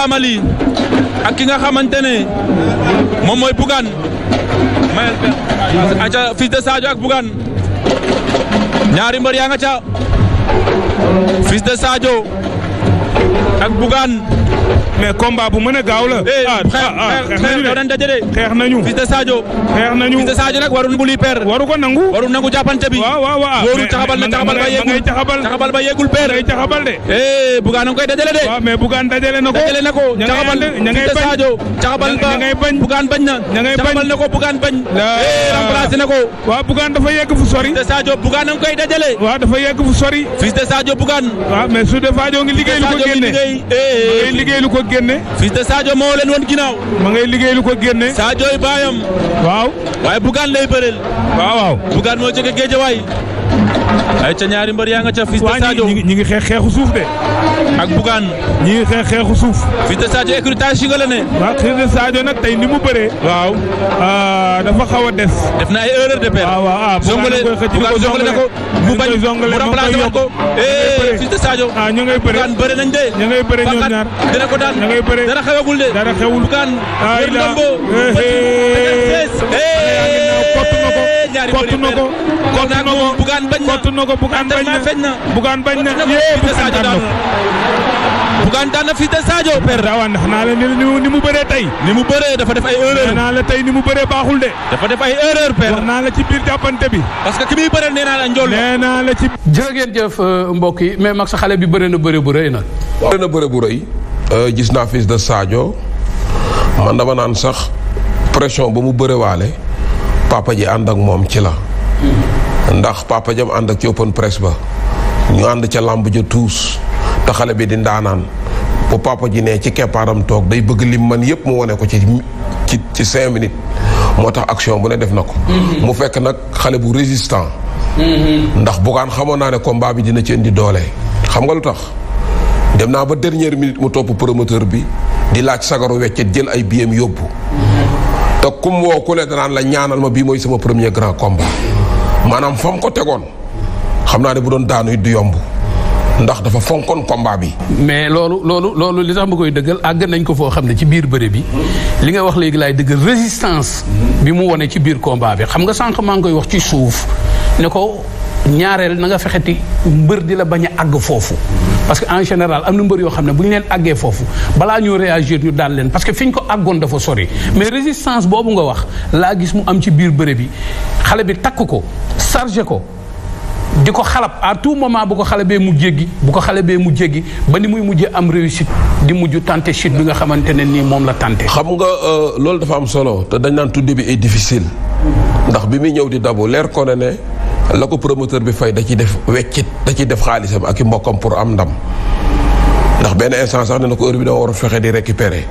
Amali ak ki nga xamante ne moom mooy Bougane mayel pe aca fils de Sadio ak Bougane ñaari mbër yaa nga ca fils de Sadio ak Bougane mais combat bu mën a gaaw la. Eh, ah, ah ah xeex nañu de xeex nañu. fils de Sadio. xeex nañu fils de Sadio nag waruñu bu luy père. waru ko nangu waru nangu jàppante bi. waaw waaw waaw wóoru taxabal na taxabal ba yeegul taxabal ba yeegul père. ngay taxabal de. eh Bougane a ngi koy dajale de. waaw mais Bougane dajale na ko. dajale na ko taxabal fils de Sadio. taxabal ba Bougane bañ na. ña ngay bañ taxabal na ko Bougane bañ. eh remplacé na ko. waaw Bougane dafa yegg fu sori. fils de Sadio Bougane a ngi koy dajale. waaw dafa yegg fu sori. fils de Sadio Bougane. waaw mais su dee Sadio ngi liggéey lu ko génn génne ma ngay eh, eh, eh. liggéey lu ko génne. fils de Sadio moo leen woon ginnaaw. ma ngay liggéey lu ko génne. Sadio baayam. waaw. waaye Bougane lay bëreel. waaw waaw. Bougane moo jóge Géejawaay. ay ca ñaari mbër yaa nga ca Fils de Sadio ñi ngi xeex xeexu suuf de ak Bougane ñi ngi xeex suuf Fils de Sadio écrutage si nga la ne waaw Fils de Sadio nag tey ni mu bëree waaw ah, dafa xaw a des def na ay erreur de paire ah, waaw waaw ah, Zongale Bougane Zongale na ko mu bañ mu remplacé ko eh Fils de Sadio ah ñu ngay bëre Bougane nañ de ñu ngay bëre ñoom ñaar dina ko daan ñu ngay bëre dara xewagul de dara xewul Bougane ay la eh eh, eh. kott kott na ko bugaan bañ na kott na ko bugaan bañ na bugaan bañ na yee bugaan daan na ko. bugaan daan na fils de ndax naa la ni mu bëree tey. ni mu bëree dafa def ay erreur. naa tey ni mu bëree baaxul de. dafa def ay naa la ci biir jàppante bi. parce que ki muy bëree nee naa la njool. nee naa la ci. jërëjëf euh, mbokk yi mais mag sa xale bi bëri na bëri bu rëy nag. waaw bëri bu rëy. Euh, gis naa fils de Sadio man dama naan sax pression ba mu bërewaale papa ji ànd moom ci la. ndax papa jam ànd ak ci open press ba ñu ànd ca làmb ja tuus te xale bi di ndaanaan bu papa ji ne ci keppaaram toog day bëgg lim man yépp mu wone ko ci ci ci cinq minutes moo tax action bu ne def na ko mhm. mu fekk nag xale bu résistant mhm. ndax bugaan xamoon naa ne komba bi dina ci indi doole xam nga lu tax dem naa ba dernière minute mu topp promoteur bi di laaj sagaru weccet jël ay biyam yóbbu mhm. te kum woo ku le danaan la ñaanal ma bii mooy sama premier grand combat maanaam fa mu ko tegoon xam naa ne bu doon daanu it du yomb ndax dafa fonkoon combat bi. mais loolu loolu loolu li tax ma koy dëggal àgg nañ ko foo xam ne ci biir bëre bi li nga wax léegi laay dëggal résistance bi mu wone ci biir combat bi xam nga sànq maa ngi koy wax ci suuf ne ko ñaareel na nga fexeti mbër di la bañ agg foofu. parce que en général am na mbër yoo xam ne bu ñu leen àggee foofu balaa ñoo réagir ñu daal leen parce que fi ñu ko àggoon dafa sori mais résistance boobu nga wax laa gis mu am ci biir bëre bi xale bi takk ko chargé ko di ko xalab à tout moment bu ko xale bee mu jéggi bu ko xale bee mu jéggi ba ni muy mujjee am réussite di mujj tenter chute bi nga xamante ne nii moom la tenter. xam nga euh, loolu dafa am solo te dañ naan tout début est difficile ndax bi muy ñëw di dabu leer ko ne ne la ko promoteur bi fay da ciy def weccit da ciy def xaalisam ak i mbokkam pour am ndam ndax benn instant sax ne na ko heure bi da war fexe di récupérer.